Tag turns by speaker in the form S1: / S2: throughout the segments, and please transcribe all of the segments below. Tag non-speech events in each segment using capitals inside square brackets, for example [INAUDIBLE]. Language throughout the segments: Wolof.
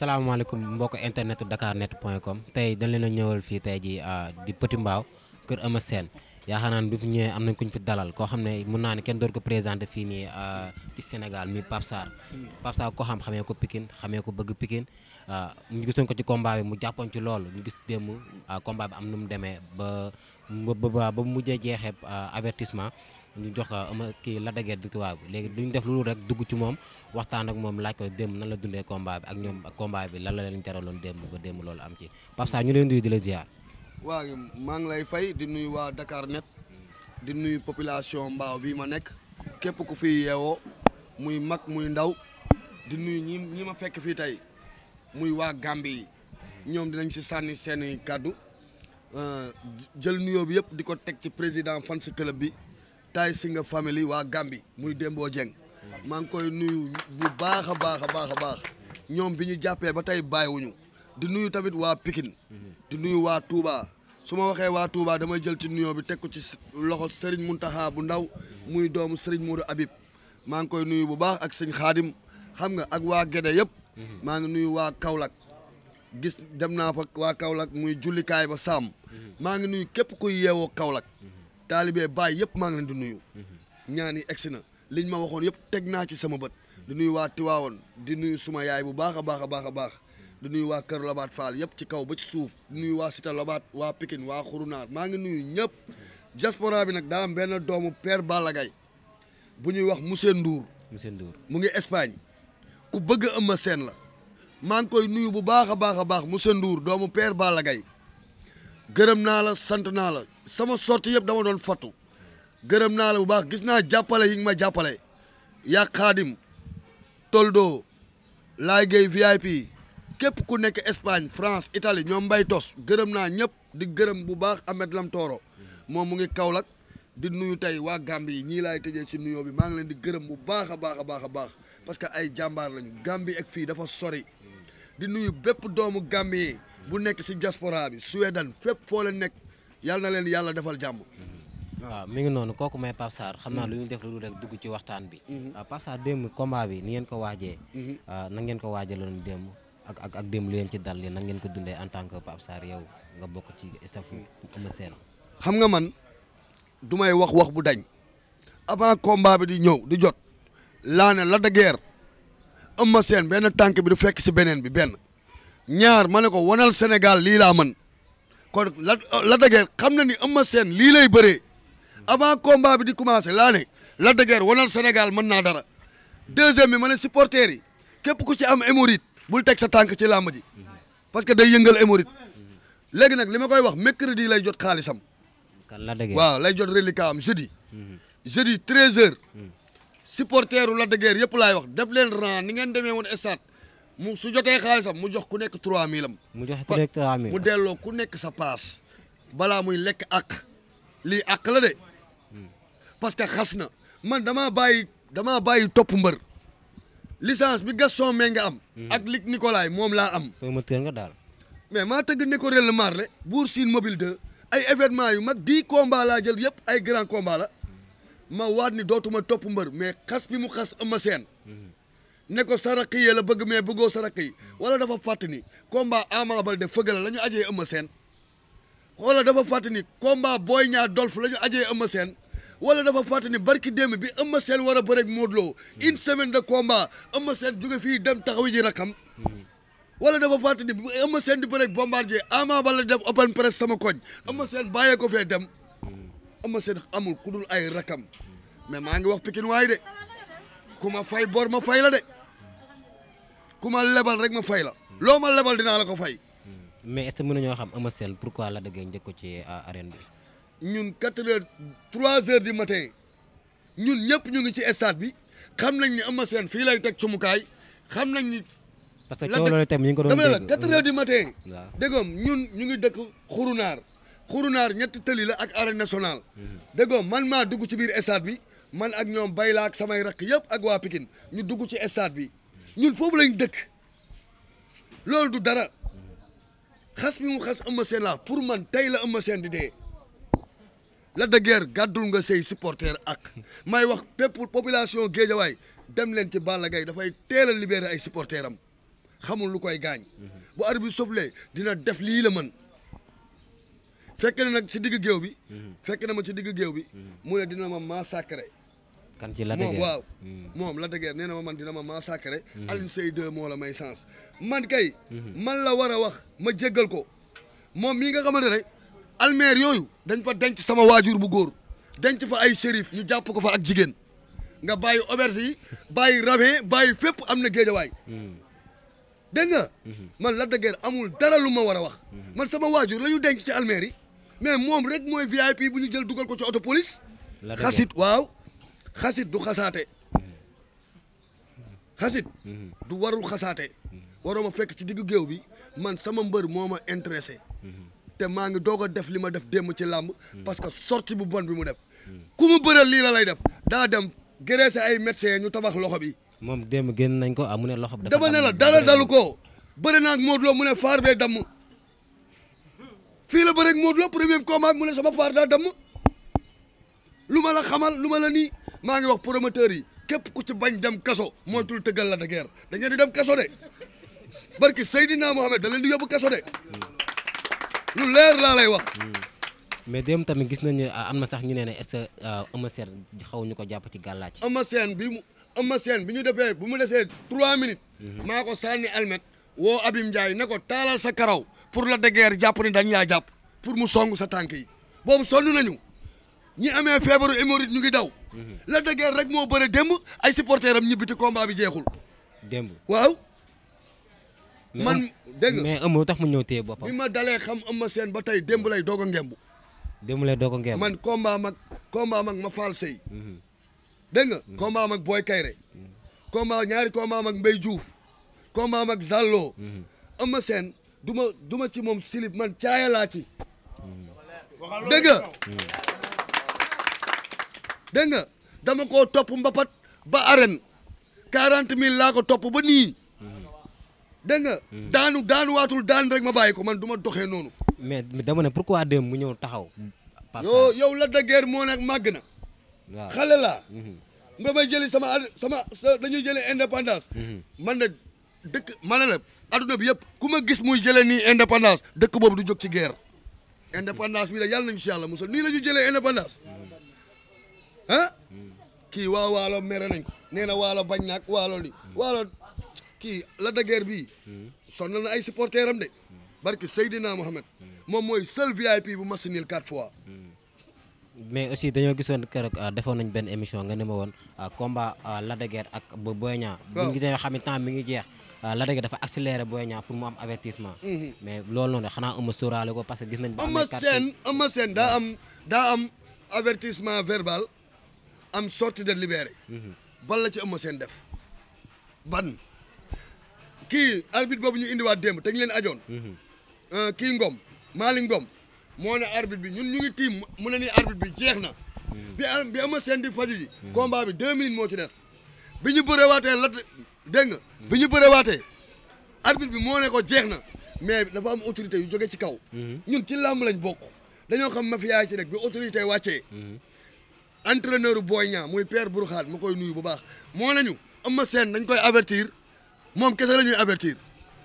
S1: salaamaaleykum mbokk internet dakar net point com tey dañ leen a ñëwal fii tey ji ah, di Petit Mbao kër Eumeu seen yaakaar naa ne bi fi ñëwee am nañ ku ñu fi dalal koo xam ne mun naa ne kenn door ko présenté fii nii ah, ci Sénégal mi Pape Sarr Pape Sarr ko xam xamee ko Pikine xamee ko bëgg Pikine ah, ñu gisoon ko ci combat bi mu jàppoon ci loolu ñu gis démb combat bi am nu mu demee ba ba ba mu mujjee jeexee avertissement ñu jox ko ama kii Lac de Guiers victoire bi léegi ñu def lu rek dugg ci moom waxtaan ak moom laaj ko démb nan la dundee combat bi ak ñoom ak bi lan la leen jaraloon démb ba démb loolu am ci Pape Sarr ñu leen nuyu di la ziar.
S2: maa ngi lay fay di nuyu waa Dakar Net di nuyu population mbaaw bi ma nekk képp ku fi yeewoo muy mag muy ndaw di nuyu ñi ñi ma fekk fii tey muy waa Gambie yi ñoom dinañ si sànni seeni kàddu euh, jël nuyoo bi yëpp di ko teg ci président fans club bi. Tay Singa family waa Gambi muy Dembo Dieng maa ngi koy nuyu bu baax a baax a baax a baax ñoom bi ñu jàppee ba tey bàyyiwuñu di nuyu tamit waa Pikine di nuyu waa Touba su ma waxee waa Touba damay jël ci nuyoo bi teg ko ci loxo Serigne Mountakha bu ndaw muy doomu Serigne Modou Habib maa ngi koy nuyu bu baax ak sëñ Xaadim xam nga ak waa Gede yëpp maa ngi nuyu waa Kaolack gis dem naa fa waa Kaolack muy jullikaay ba Sàmm maa ngi nuyu képp kuy yeewoo Kaolack taalibe bàyyi yëpp maa ngi leen di nuyu. Mhm. ñaani yi egsi na liñ ma waxoon yëpp teg naa ci sama bët. di nuyu waa Tiwaawoon di nuyu suma yaay bu baax a baax a baax a baax. di nuyu waa Kër Lobaat Fall yëpp ci kaw ba ci suuf di nuyu waa Cité Lobaat waa Pikine waa Xurunaar maa ngi nuyu ñëpp. diaspora bi nag daa am benn doomu Père Balla Gaye bu ñuy wax monsieur Ndour. monsieur mu ngi Espagne ku bëgg a seen la maa ngi koy nuyu bu baax a baax a baax monsieur Ndour doomu Père Balla gay gërëm naa la sant naa la sama sorti yëpp dama doon fottu gërëm naa la bu baax gis naa jàppale yi nga ma jàppale yaa xaadim toldo laay gay VIP képp ku nekk Espagne France itali ñoom mbay tos gërëm naa ñëpp di gërëm bu baax Ahmed Lam Tooro moom mu ngi Kaolack di nuyu tey waa Gambie yi ñii laay tëjee ci nuyoo bi maa ngi leen di gërëm bu baax a baax a baax a baax parce que ay jàmbaar lañu Gambie ak fii dafa sori di nuyu bépp doomu Gambie bu nekk si diaspora bi Suède fépp foo leen nekk yàlla na leen yàlla defal jàmm.
S1: waaw mu ngi noonu kooku may Pape Sarr xam naa lu ñu def lu dul dugg ci waxtaan bi. Mhm. Ah, Pape Sarr démb combat bi ni ngeen ko waajee. Mhm. Ah, na ngeen ko waajaloon démb ak ak ak démb li leen ci dal li na ngeen ko dundee en tant que Pape Sarr yow nga bokk ci staff Eumeu Sène. xam nga man du may wax wax bu dañ avant
S2: combat bi di ñëw di jot laa la de guerre Eumeu benn tànk bi du fekk si beneen bi benn. ñaar ma ne ko wanal Sénégal lii laa mën kon la euh, la dëgër xam na ni Eumeu seen lii lay bëree avant combat bi di commencé laa ne la dëgër wanal Sénégal mën naa dara deuxième bi ma ne supporters yi képp ku ci am hémorroïde bul teg sa tànk ci làmb parce que day yëngal hémorroïde léegi nag li ma koy wax mercredi lay jot xaalisam.
S1: kan la dëgër waaw
S2: lay jot reliquat am jeudi. Mm-hmm. jeudi 13h. Mm. supporteru la dëgër yëpp laay wax deplen leen rang ni ngeen demee woon stade. mu su jotee xaalisam mu jox ku nekk trois am. mu jox
S1: ku nekk 3000 mu
S2: delloo ku nekk sa paas balaa muy lekk ak lii ak la de parce que xas na man dama bàyyi damaa bàyyi topp mbër licence bi Gaston nga am. Hmm. ak Luc Nicolaï moom laa am. ma tënk nga daal. mais maa tëgg ne ko rel marle Bour Sine mobile ay événement yu mag dix combats laa jël yëpp ay grand combat ma waat ni dootuma topp mbër mais xas bi mu xas ëmma seen. ne ko sa rakk yi bëgg mais bëggoo sa rakk wala dafa fàtt ni combat Ama Baldé fëgg la ñu ajee Eumeu Sène wala dafa fàtt komba booy Boy Niang lañu la ñu ajee Eumeu Sène wala dafa fàtt ni barki démb bi Eumeu Sène war a bëreeg Modou Lo une semaine de combat Eumeu Sène jóge fii dem taxawi ji rakam wala dafa fàtt ni Eumeu Sène di bëreeg Bombardier Ama Baldé def open press sama koñ Eumeu Sène bàyyee ko fee dem Eumeu amul ku ay rakam mais maa ngi wax Pikine waay de ku ma ku ma lebal rek ma fay la loo ma lebal dinaa la ko fay. Hmm.
S1: mais est ce que mën nañoo xam Eumeu Sène pourquoi la dëggee njëkk ko ci euh, arène bi.
S2: ñun quatre heures trois heures di matin ñun ñëpp ñu ngi ci stade bi xam nañ ni Eumeu Sène fii lay teg cumukaay xam nañ ni. parce que coow loolu tamit ñu ngi la quatre heures di matin. waaw déggoom ñun ñu ngi dëkk xurunaar xurunaar ñetti tëli la ak arène nationale. Hmm. déggoom man maa dugg ci biir stade bi man ak ñoom bay la ak samay rakk yëpp ak waa Pikine ñu dugg ci stade bi. ñun foofu lañ dëkk loolu du dara xas bi mu xas Eumeu Sène la pour man tey la Eumeu Sène di dee la de gàddul nga sey supporter ak may wax peppu population Géejawaay dem leen ci Balla Gaye dafay teel a libéré ay supporter am xamul lu koy gaañ bu arbitre bi soplee dina def lii la man fekk na nag si digg géew bi fekk na ma si digg géew bi mu ne dina ma massacrer
S1: kan ci Lac de Guiers moom waaw. Hmm.
S2: moom Lac de Guiers nee na ma man dina ma massacré. Hmm. Alioune Seye 2 moo la may chance. man kay. Hmm. man la war a wax ma jéggal ko moom mii nga xamante ne almeer yooyu dañ fa denc sama waajur bu góor denc fa ay shérif ñu jàpp ko fa ak jigéen nga bàyyi auberge yi bàyyi ravin bàyyi fépp am na géejawaay. dégg nga. man la de amul dara lu ma war a wax. man sama waajur la ñu denc ci almeer yi mais moom rek mooy VIP bu ñu jël dugal ko ci auto police. xasit waaw. xasit du xasaate xasit du warul xasaate waroo ma fekk ci diggu géew bi man sama mbër moo ma te maa ngi doog a def li ma def démb ci làmb parce que sorti bu bon bi mu def ku mu bëral lii la lay def daa dem gëree sa ay médecin ñu tabax loxo bi moom démb génn nañ ko ah mu ne loxo bi dama ne la dara dalu ko bëri naa ak Modou Lo mu ne faar bee damm fii la bëri ak Modou Lo premier mu ne sama faar daa damm lu ma la xamal lu ma la nii maa ngi wax promoteur yi képp ku ci bañ dem kaso moytul tëggal la de guerre da ngeen di dem kaso de barki Seydina Mohamed da leen di yóbbu kaso de lu leer laa lay wax.
S1: mais démb tamit gis nañu ah, am na sax ñu ne ne est-ce que euh, xaw ñu ko jàpp ci gàllaaj.
S2: Eumeu Sène bi mu Eumeu Sène bi ñu defee bu mu desee trois minutes. Mhm. maa ko sànni almet woo Abim Ndiaye na ko taalal sa karaw pour la degeer jàpp ni dañ laa jàpp pour mu song sa tànk yi boobu sonn nañu ñi amee feebaru hémorroïde ñu ngi daw Mmh. la de Guiers rek moo bëre démb ay supporters am ñibbi te bi jeexul. démb waaw.
S1: man dégg nga mais amul tax mu ñëw téye boppam. bi
S2: ma dalee xam am ma seen ba tey demb lay doog a ngemb. démb lay doog a ngemb man combat mag combat mag ma faal sëy. Mmh. dégg nga mmh. combat mag Boy Kayre. combat ñaari combat mag Mbaye Diouf. combat mag Zallo. am seen du ma ci moom silib man caaya laa ci. dégg dégg nga dama ko topp mbapat ba arène quarante mille laa ko topp ba nii dégg nga. daanu daanu waatul daan rek ma bàyyi ko man du ma doxee noonu.
S1: mais dama ne ko dem mu ñëw taxaw.
S2: yow yow la de guerre moo nekk màgg na. waaw xale laa. Mhm. nga may jëli sama sama dañuy jëlee indépendance. Mhm. man de dëkk ma ne la adduna bi yëpp ku ma gis muy jëlee nii indépendance dëkk boobu du jog ci guerre. indépendance bi de yàlla nañu si yàlla musal nii la ñu jëlee indépendance. ah kii waa waalo mere nañ ko nee na waalo bañ naag waalo li waalo kii la de guerre bii sonn na ay supporter am de barki Seydina Mohamed moom mooy seul VIP bu masinil quatre fois
S1: mais aussi dañoo gisoon keroog ah, defoon nañ benn émission nga ne ma woon ah, combat ah, Lac de Guiers ak ba Boy Niang bu ñu gisee xam mi ngi jeex Lac de Guiers dafa accéléré Boy Niang pour mu am avertissement mhm. mais loolu noonu xanaa ama sóoraale ko parce que gis nañ ama seen
S2: ama seen am daa verbal am sortie de libéré. ban la ci Eumeu seen def ban kii arbitre boobu ñu indiwaat démb te leen ajoon. Euh, kii Ngom maali Ngom moo ne arbitre bi ñun ñu ngi tiim mu ne nii arbitre bi jeex na. bi am seen di faju ji. combat bi deux moo ci des. bi ñu bëree waatee lat dégg nga. bi ñu bëree waatee arbitre bi moo ne ko jeex na mais dafa am autorité yu jóge ci kaw. Mhm. ñun ci làmb lañ bokk dañoo xam mafia yi ci rek bi autorité wàccee. Mhm. entraîneur Boy Niang muy Père Bourkhane ma koy nuyu bu baax moo nañu Eumeu Sène nañ koy avertir moom kese lañuy ñuy avertir.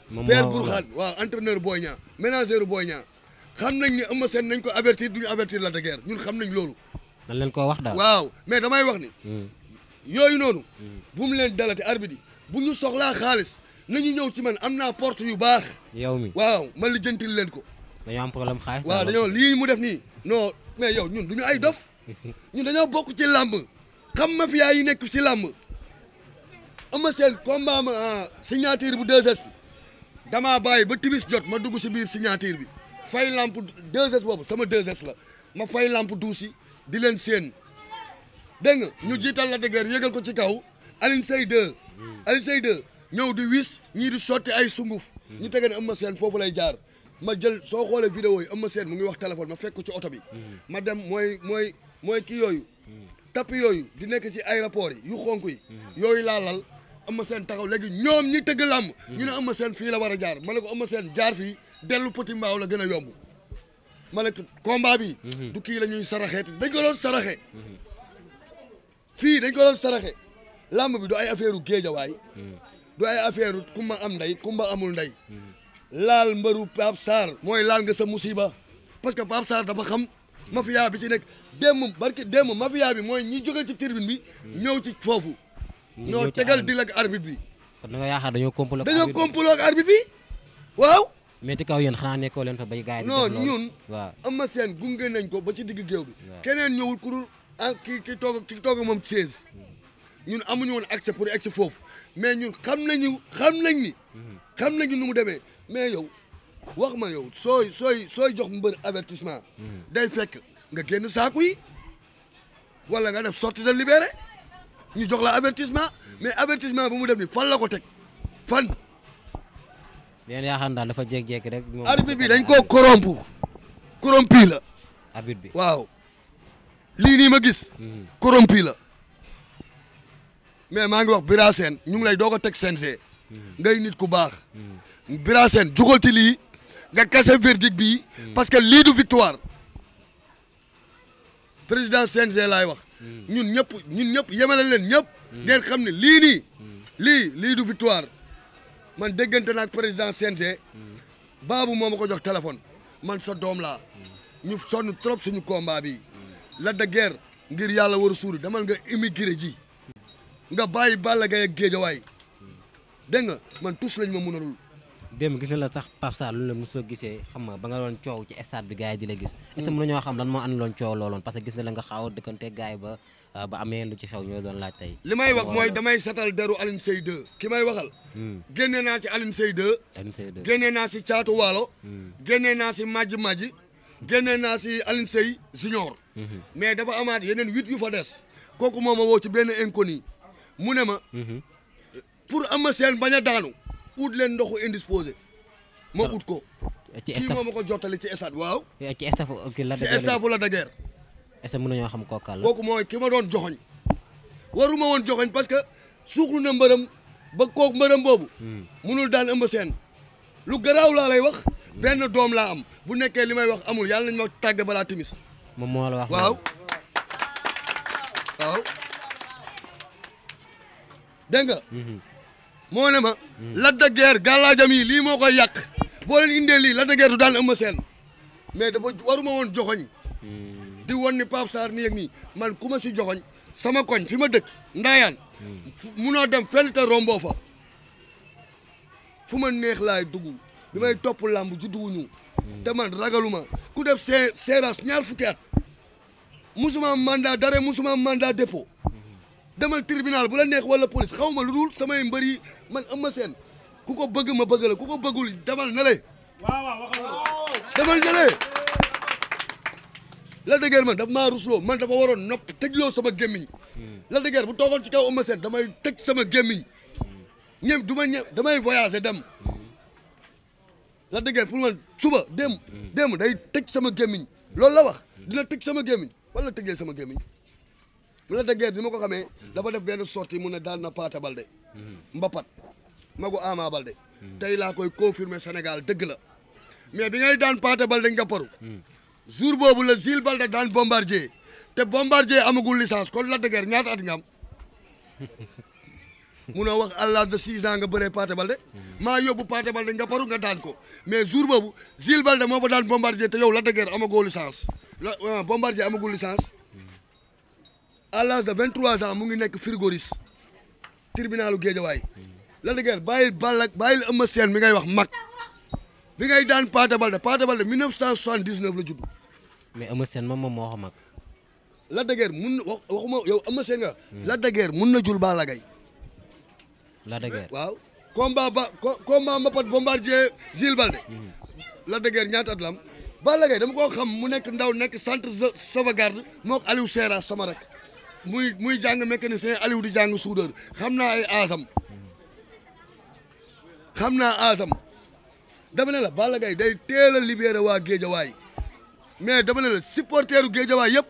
S1: moom Père Bourkhane
S2: waaw entraîneur Boy Niang ménageur Boy Niang xam nañ ne Eumeu seen nañ ko avertir duñu avertir Lac de Guiers ñun xam nañ loolu.
S1: na leen koo wax daal
S2: waaw mais damay wax ni. Hmm. yooyu noonu. Hmm. bu mu leen dalate arbitre yi bu ñu soxlaa xaalis nañu ñëw ci man am naa porte yu baax. yow mi waaw man li jëntil leen ko.
S1: dañoo am problème xaalis. waa dañoo
S2: lii mu def nii non mais yow ñun duñu ay dof. ñu dañoo bokk ci làmb xam mafia yi nekk ci làmb ama seen combat ma ah, signature bu 2S damaa bàyyi ba timis jot ma dugg si biir signature bi fay làmp 2S boobu sama 2S la ma fay lamp duusi di leen seen dégg nga ñu jiital la dëgër yëgal ko ci kaw Alioune Seye 2 Alioune Seye 2 ñëw di wis ñii di sotti ay sunguf ñu tege ne ama seen foofu lay jaar ma jël soo xoolee vidéo yi ama seen mu ngi wax téléphone ma fekk ci oto bi hmm. ma dem mooy mooy mooy kii yooyu. tapp yooyu di nekk ci aéroport yi yu xonk yi. yooyu laalal am na seen taxaw léegi ñoom ñi tëgg làmb. ñu ne am na seen fii la war a jaar ma ne ko am na seen jaar fii dellu Petit Mbaaw la gën a yomb. ma ne ko bi. Mhm. du kii lañuy ñuy saraxee dañ ko doon saraxe. fii dañ ko doon saraxe làmb bi du ay affaire u géejawaay. Mhm. du ay affaire kumba am ndey kumba amul ndey. Mhm. laal mbaru Pape Sarr mooy laal nga sa musiba parce que Pape Sarr dafa xam mafia bi ci nekk démb barki démb mafia bi mooy ñi jóge ci tribune bi. Hmm. ñëw ci foofu.
S1: ñoo tegal di ak arbitre bi. kon da nga yaakaar dañoo complot ak arbitre bi dañoo
S2: complot ak bi waaw.
S1: mais ci kaw yéen xanaa nekkoo leen fa bay gaay no non ñun. am
S2: Eumeu Sène gunge nañ ko ba ci digg géew bi. keneen ñëwul ku dul ah ki ki toog ki toog moom 16. Hmm. ñun amuñu woon accès pour accès foofu mais ñun xam nañu xam nañ ni. Hmm. xam nañu nu mu demee mais yow wax ma yow sooy sooy sooy jox mbër avertissement. day fekk. nga génn saaku yi walla nga def sortie de libéré ñu jox la avertissement mais avertissement bu mu def ni fan la ko teg fan.
S1: yéen yaakaar naa dafa jékki-jékki rek.
S2: arbitre bi dañ koo corrompu corrompu la. arbitre bi waaw. lii nii ma gis. Hmm. corrompu la. mais maa ngi wax Bira Sène ñu ngi lay doog a teg CNG. Hmm. ngay nit ku baax. Hmm. Bira Sène jugal ci lii nga kase verdict bii. parce que lii du victoire. président CNG laay wax. Hmm. ñun ñëpp ñun ñëpp yemale leen ñëpp. Hmm. ngeen xam ne lii nii. Hmm. lii lii du victoire man déggante naag président CNG. baabu moo ma ko jox téléphone man sa doom laa. ñu sonn trop suñu combat bi Lac de Guiers ngir yàlla war a suuri demal nga immigré
S1: ji. nga bàyyi Balla Gaye géej Géejawaay dégg nga man tous lañ ma mënalul. démb gis na la sax Pape Sarr lu la mosoo gisee xam nga ba nga doon coow ci stade bi gars yi di la gis. est ce que mm. ñoo xam lan moo ànd loon coow looloon parce gis na la nga xaw a dëkkante gars ba euh, ba amee lu ci xew ñoo doon laaj tey. li may wax mooy damay
S2: satal deru Alioune Seye 2 ki may waxal. Mm. génne naa ci Alioune Seye 2. Alioune Seye 2 génne naa si Caatu Waalo. Mm. génne naa si Madji Madji. génne naa si Alioune say Junior. Mm-hmm. mais dafa amaat yeneen huit yu fa des. kooku moo ma woo ci benn inconnu mu ne ma. Mm-hmm. pour Eumeu Sène bañ a daanu. ut leen ndoxu indisposé ma ah. ut ko. ci kii ma ko jottali ci stade waaw.
S1: Eh, ci stade la la dajeer. est ce que mën nañoo xam kooku la. kooku
S2: mooy ki ma doon joxoñ waruma woon joxoñ parce que suuxlu na mbërëm ba kook mbërëm boobu. Hmm. munul daan ëmb seen. lu garaaw laa lay wax. Hmm. benn doom laa am bu nekkee li may wax amul yàlla nañ ma tàgge balaa timis. moom moo la wax waaw. waaw moo ne ma. Lac de Guiers gàllaajam yi lii moo ko yàq boo leen indee lii Lac de Guiers du daan Eumeu Sène mais dafa waruma woon joxoñ di woon ni Pape Sarr nii ak nii man ku ma si joxoñ sama koñ fi ma dëkk ndaayaan munoo dem fenn te romboo fa fu ma neex laay dugg bi may topp làmb juddu wuñu te man ragaluma ku def see séerans ñaar fukki at musuma mandat d'arrêt musuma mandat dépôt demal tribunal bu la neex wala police xaw ma lu dul samay mbër yi man Eumeu Sène ku ko bëgg ma bëgg la ku ko bëggul demal na le.
S3: waaw waaw
S2: demal na le. Lac de Guiers man daf maa rusloo man dafa waroon nopp tëjloo sama gémmiñ. Hmm. Lac de Guiers bu toogoon ci kaw Eumeu Sène damay tëj sama gémmiñ. Hmm. ñem du ma ñem damay voyager dem. Hmm. la de Guiers ma suba dem. dem day tëj sama gémmiñ. loolu la wax dina tëj sama gémmiñ wala tëjee sama gémmiñ. mu ne de guerre ni ma ko xamee dafa def benn sortie mu ne daal na Paate Balde mbapat magu Ama Balde tey laa koy confirmer Sénégal dëgg la mais bi ngay daan Paate Balde nga paru jour boobu la Jules Balde daan bombardier te bombardier amagul licence kon la de guerre ñaata at nga am [LAUGHS] munoo wax à l'âge de six ans nga bëree Paate Balde maa yóbbu Paate Balde nga paru nga daan ko mais jour boobu Jules Balde moo fa daan bombardier te yow la de guerre amagoo licence la ah, amagul licence à l'âge de 23 ans mu ngi nekk frigoris tribunalu Géejawaay Lac de Guiers bàyyil Balla bàyyil Eumeu Sène mi ngay wax mag bi ngay daan Paate Balde Paate Balde 1979 la judd. mais Eumeu Sène moom moo wax mag. Lac de Guiers mun waxuma yow Eumeu Sène nga. Lac de Guiers mun na jul Balla Gaye. Lac de Guiers waaw. combat ba combat Mbapat Bombardier Gilles Balde. Lac de ñaata at la am. dama koo xam mu nekk ndaw nekk centre sauvegarde mook Aliou Serra sama muy muy jàng mécanicien Aliou di jàng soudeur xam naa ay aasam xam naa aasam dama ne la bala gay day teel a libéré waa Géejawaay mais dama ne la supporteru Géejawaay yëpp.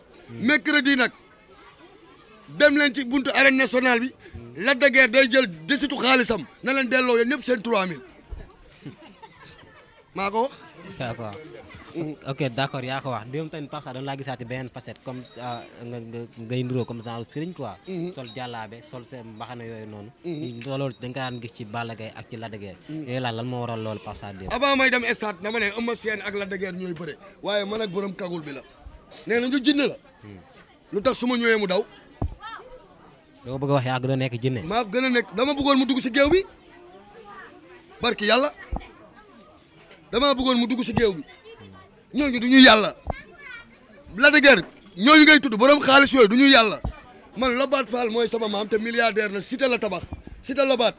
S2: mercredi nag dem leen ci buntu arène nationale bi. Lac de Guiers day jël desitu xaalisam na leen delloo yéen ñëpp seen 3000
S1: maa ko ok d' accord yaa ko wax démb tamit Pape Sarr dañu euh, mhm. yooyu noonu. Mhm. loolu da nga daan gis ci Balla Gaye ak ci Lac de Guiers. Mhm. yooyu laa lan moo waral loolu Pape
S2: dama ne Eumeu Sène ak Lac bi la nee hmm. lu tax su ma ñëwee mu daw.
S1: dama bëgg wax yaa gën nekk jinne.
S2: maa gën a nekk dama bëggoon mu dugg si géew bi barki yàlla dama bëggoon mu dugg si géew bi. ñooñu du ñu yàlla la de guerre ñooñu ngay tudd borom xaalis yooyu du ñu yàlla man Lobatt Fall mooy sama maam te milliardaire na sitee la tabax cité Lobatt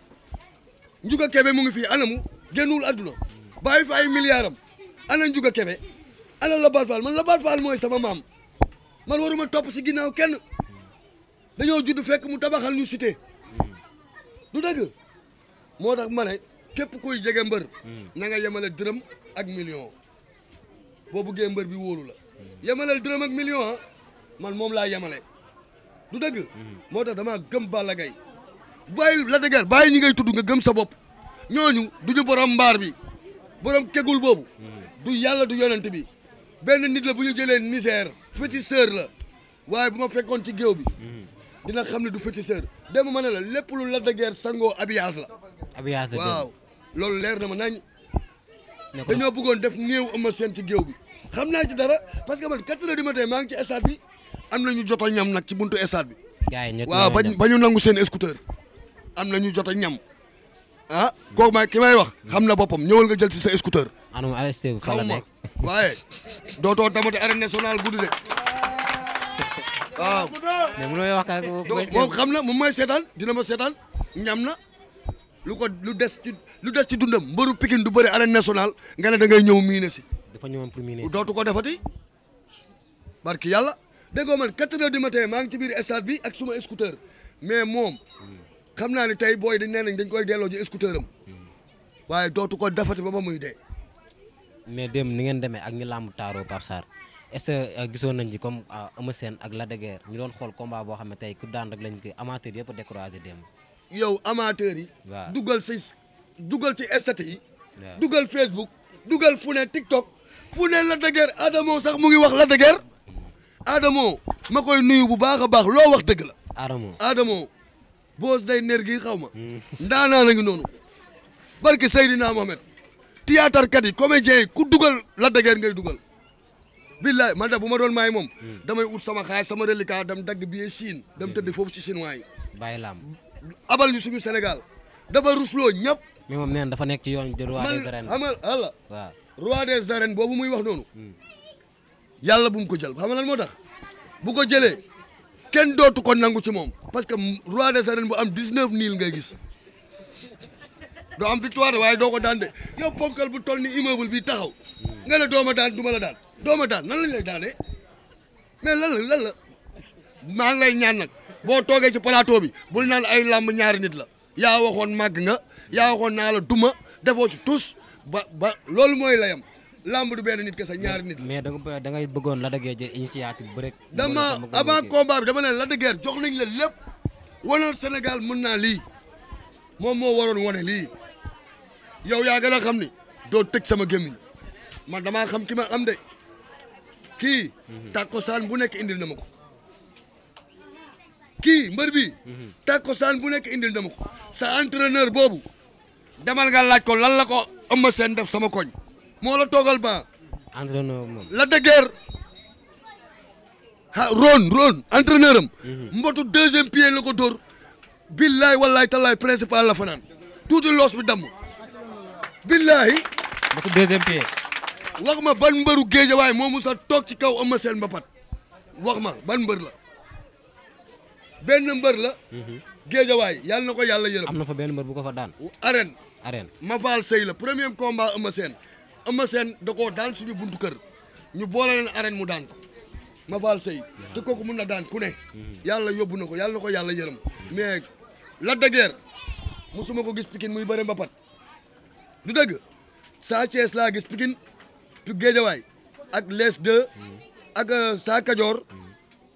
S2: Ndiouga Kébé mu ngi fii anamu génnul àdduna bàyyi fa ay milliards am ana Ndiouga Kébé ana Lobatt Fall man Lobatt Fall mooy sama maam man waruma topp si ginnaaw kenn dañoo judd fekk mu tabaxal ñu cité du dëgg moo tax ma ne képp kuy jege mbër hmm. na nga yemale dërëm ak million boo buggee mbër bi wóolu la yemaleel dërëm ak million ah, man moom laa yemale du dëgg mhm. moo tax dama gëm Balla Gaye bàyyi la dëgër bay ñi ngay tudd nga gëm sa bopp ñooñu du ñu borom mbaar bi borom kegul boobu mhm. du yàlla du yonent bi benn nit la bu ñu jëlee misère féticheur la waaye bu ma fekkoon ci géew bi mhm. dina xam ne du féticheur dem ma ne la lépp lu la dëgër sangoo abiyaas la
S1: abiyaas la waaw
S2: loolu leer na ma nañ dañoo bëggoon def néew Eumeu Sène ci géew bi xam naa ci dara parce que man quatre heures ma matin maa ngi ci stade bi am na ñu jot ñam nag ci buntu stade bi.
S1: waaw ba
S2: ñu nangu seen scooter am na ñu jot a ñam ah kooku may ki may wax xam na boppam ñëwal nga jël ci sa scooter.
S1: anam arrêté bu
S2: fa la nekk waaye dootoo damate arène nationale guddi de waaw. mais mënoo moom xam na moom mooy seetaan dina ma seetaan ñam na lu ko lu des ci lu des ci dundam mbëru pikin du bëri arène national nga ne da ngay ñëw miine si. dafa ñëwoon pour miine si dootu ko defati. barki yàlla déggoo man quatre heures du matin maa ngi ci biir stade bi ak suma scooter mais moom xam naa ne tey booy dañ nee nañ dañ koy delloo ji scooter am waaye dootu ko defati ba ba muy dee.
S1: mais dem ni ngeen demee ak ñi làmb taaroo Pape Sarr est euh, nañ ci comme euh, Eumeu Sène ak la de Guiers ñu doon xool combat boo xam ne tey ku daan rek lañ koy amateur yëpp découragé démb. yow amateur yi. waaw dugal si dugal ci ST yi.
S2: dugal Facebook dugal fu ne TikTok fu ne Lac de Guiers Adamo sax mu ngi wax Lac de Guiers Adamo ma koy nuyu bu baax a baax loo wax dëgg la. Adamo Adamo boos day ner gi xaw ma. Mm. ndaanaa la ngi noonu barke Seydina Mohamed théâtre kat yi comédien yi ku dugal Lac de ngay dugal. billaay man da bu ma doon maay moom. Mm. damay ut sama xaalis sama reliquat dam dagg billet Chine dem mm. tëdd foofu ci chinois yi. bàyyi laam abal ñu suñu Sénégal dafa rusloo ñëpp. mais moom nee dafa nekk ci yoon de roi des arènes man xamal boobu muy wax noonu. Hmm. yàlla bu ko jël xam nga lan moo tax bu ko jëlee kenn dootu ko nangu ci moom parce que roi des arènes bu am 19 niil ngay gis doo am victoire waaye doo ko daan de yow ponkal bu toll ni immeuble bi taxaw hmm. nga ne dooma daan du ma la daan dooma daan nan la lay daanee mais lan la lan la maa ngi lay ñaan nag. boo toogee ci plateau bi bul naan ay làmb ñaari nit la yaa waxoon màgg nga yaa waxoon naa la duma defoo ci tus ba ba loolu mooy layam làmb du benn nit kese ñaari
S1: nit la. mais da ngay bëggoon Lac de Guiers jël initiative bu rek. dama
S2: avant combat bi dama ne Lac de Guiers jox nañ la lépp wala senegal mën naa lii moom moo waroon wane lii yow yaa gën a xam ni doo tëj sama gémmiñ ma dama xam ki ma am de kii. Mhm. tàkkusaan bu nekk indil na ma ko. kii mbër bi mhm. takkusaan bu nekk indil dama ko sa entraîneur boobu demal nga laaj ko lan la ko ëmma seen def sama koñ moo la toogal ban entraîneur la dëgër ah ron ron am mhm. mbotu deuxième pied la ko dóor billaay wallaay tallaay principal la fanaan tuuti loos bi damm billaay mbotu deuxième pied wax ma ban mbëru géejawaay moomu sa toog ci kaw ëmma seen mbapat wax ma ban mbër la benn mbër la. Mhm. géejawaay yàlla na ko yàlla yërëm. am na fa benn mbër bu ko fa daan. arène. arène Mafal Sey la premier combat Eumeu Sène Eumeu Sène da koo daan suñu buntu kër ñu boole leen mu daan ko Mafal Sey. te kooku mun na daan ku ne. Mhm. yàlla yóbbu na ko yàlla na ko yàlla yërëm. mais Lac de ko gis Pikine muy bëre mbapat du dëgg saa Thiès laa gis Pikine géejawaay ak les deux mhm. ak euh, saa Kajoor.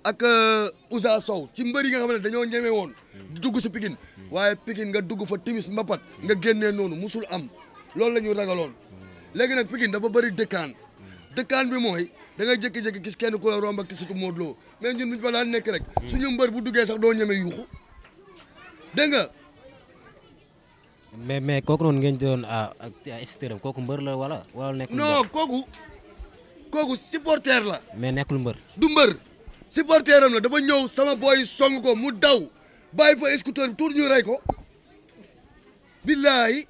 S2: ak euh, Ousa Sow ci mbër yi nga xam ne dañoo ñeme woon dugg si Pikine waaye Pikine nga dugg fa timis mbapat nga génnee noonu musul am loolu la ñu ragaloon léegi nag Pikine dafa bëri dëkkaan dëkkaan bi mooy da ngay jékki-jékki gis kenn ku la romb ak ki surtout Modou Lo mais ñun buñu fa daan nekk rek suñu mbër bu duggee sax doo ñeme yuuxu
S1: dégg nga mais mais kooku noonu ngeen doon ah, ak extérieur kooku mbër la wala wala nekk non
S2: kooku kooku supporter la
S1: mais nekkul mbër
S2: du mbër supporter am la dafa ñëw sama booy song ko mu daw bàyyi fa scooter bi tuuti ñu rey ko billaahi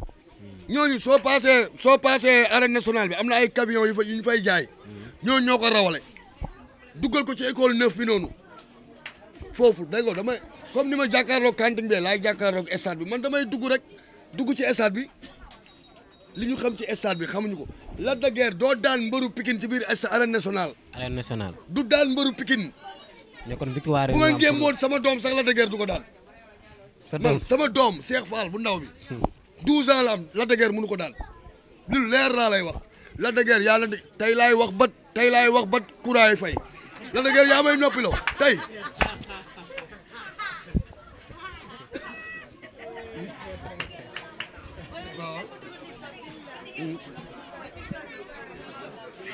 S2: ñooñu soo paasee soo paasee arène national bi am na ay camions yu fa yu ñu fay jaay ñoo ñoo ko rawale duggal ko ci école neuf bi noonu foofu dégg nga damay comme ni ma jàkkaarloog cantine bi laay jàkkaarloog stade bi man damay dugg rek dugg ci stade bi li ñu xam ci stade bi xamuñu ko la dageer doo daan mbëru Pikine ci biir arène nationale. arène nationale du daan mbaru pikin
S1: mais kon victoire bu ma
S2: sama doom sax la dëgër du ko daal. sama doom Cheikh Fall bu ndaw bi. 12 hmm. ans la am la ko daal. lu leer laa lay wax la dëgër yàlla tey laay wax ba tey laay wax ba kuraay fay la dëgër yaa may noppiloo tey.